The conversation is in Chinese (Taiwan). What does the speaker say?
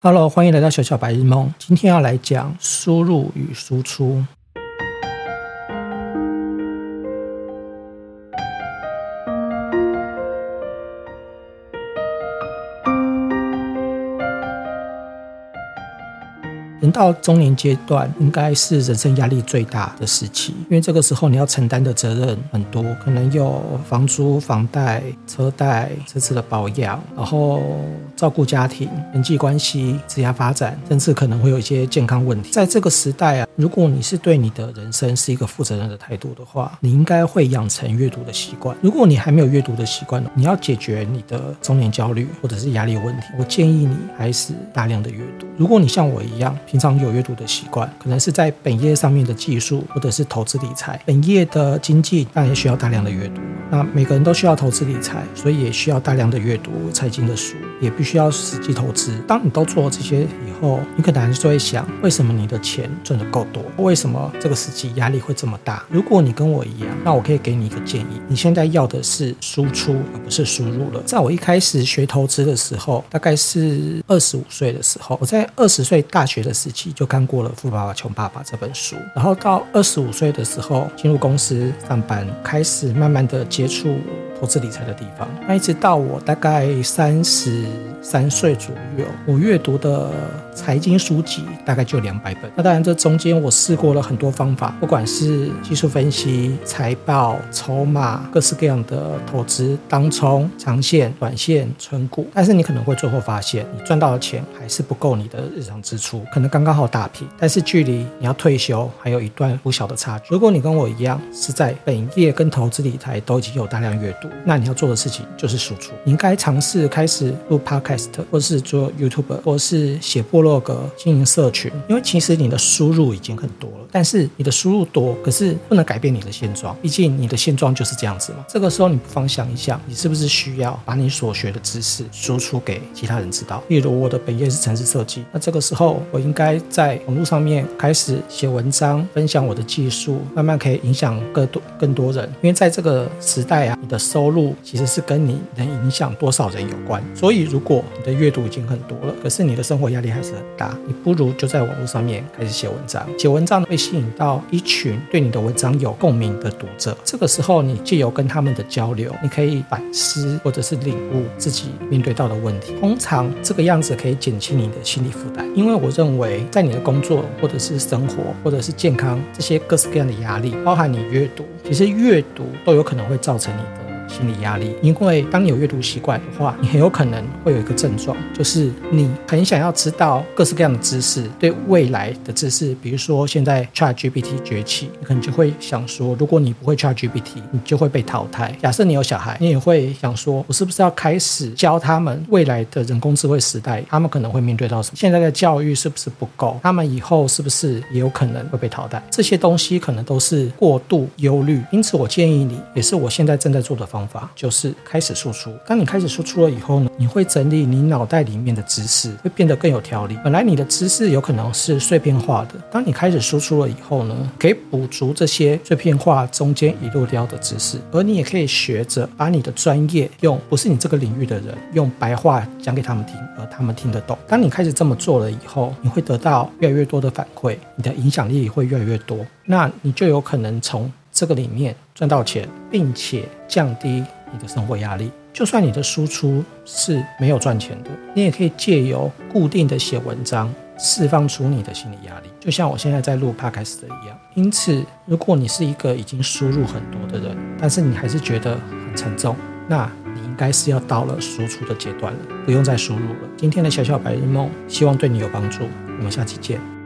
哈嘍，Hello，歡迎來到小小白日夢，今天要來講輸入與輸出。人到中年階段，應該是人生壓力最大的時期，因為這個時候你要承擔的責任很多，可能有房租、房貸、車貸、車子的保養，然後照顧家庭、人際關係、職業發展，甚至可能會有一些健康問題。在這個時代啊，如果你是對你的人生是一個負責任的態度的話，你應該會養成閱讀的習慣。如果你還沒有閱讀的習慣，你要解決你的中年焦慮或者是壓力問題，我建議你還是大量的閱讀。如果你像我一樣，平常有閱讀的習慣，可能是在本業上面的技術，或者是投資理財。本業的經濟，當然也需要大量的閱讀。那每個人都需要投資理財，所以也需要大量的閱讀財經的書，也必須要實際投資。當你都做了這些以後，你可能就會想，為什麼你的錢賺得夠多？為什麼這個時機壓力會這麼大？如果你跟我一樣，那我可以給你一個建議：你現在要的是輸出，而不是輸入了。在我一開始學投資的時候，大概是二十五歲的時候，我在二十歲大學的時候，時期就看過了《富爸爸窮爸爸》這本書，然後到二十五歲的時候進入公司上班，開始慢慢的接觸投資理財的地方。那一直到我大概三十三歲左右，我閱讀的財經書籍大概就兩百本。那當然，這中間我試過了很多方法，不管是技術分析、財報、籌碼、各式各樣的投資、當沖、長線、短線、存股，但是你可能會最後發現，你賺到的錢還是不夠你的日常支出，可能剛剛好打平。但是距離你要退休還有一段不小的差距。如果你跟我一樣是在本業跟投資理財都已經有大量閱讀，那你要做的事情就是輸出，你應該嘗試開始錄 Podcast，或是做 YouTuber，或是寫部落。做個經營社群，因為其實你的輸入已經很多了，但是你的輸入多，可是不能改變你的現狀，畢竟你的現狀就是這樣子嘛。這個時候你不妨想一想，你是不是需要把你所學的知識輸出給其他人知道？例如我的本業是城市設計，那這個時候我應該在網絡上面開始寫文章，分享我的技術，慢慢可以影響更多更多人。因為在這個時代啊，你的收入其實是跟你能影響多少人有關。所以如果你的閱讀已經很多了，可是你的生活壓力還是大，你不如就在網絡上面開始寫文章。寫文章會吸引到一群對你的文章有共鳴的讀者。這個時候，你借由跟他們的交流，你可以反思或者是領悟自己面對到的問題。通常這個樣子可以減輕你的心理負擔，因為我認為在你的工作或者是生活或者是健康這些各式各樣的壓力，包含你閱讀，其實閱讀都有可能會造成你的。心理壓力，因為當你有閱讀習慣的話，你很有可能會有一個症狀，就是你很想要知道各式各樣的知識，對未來的知識，比如說現在 ChatGPT 崛起，你可能就會想說，如果你不會 ChatGPT，你就會被淘汰。假設你有小孩，你也會想說，我是不是要開始教他們未來的人工智慧時代，他們可能會面對到什麼？現在的教育是不是不夠？他們以後是不是也有可能會被淘汰？這些東西可能都是過度憂慮，因此我建議你，也是我現在正在做的方法。方法就是開始輸出。當你開始輸出了以後呢，你會整理你腦袋裡面的知識，會變得更有條理。本來你的知識有可能是碎片化的，當你開始輸出了以後呢，可以補足這些碎片化中間遺漏掉的知識。而你也可以學着把你的專業用不是你這個領域的人用白話講給他們聽，而他們聽得懂。當你開始這麼做了以後，你會得到越來越多的反饋，你的影響力會越來越多。那你就有可能從這個裡面賺到錢，並且降低你的生活壓力。就算你的輸出是沒有賺錢的，你也可以借由固定的寫文章，釋放出你的心理壓力。就像我現在在錄 podcast 的一樣。因此，如果你是一個已經輸入很多的人，但是你還是覺得很沉重，那你應該是要到了輸出的階段了，不用再輸入了。今天的小小白日夢，希望對你有幫助。我們下期見。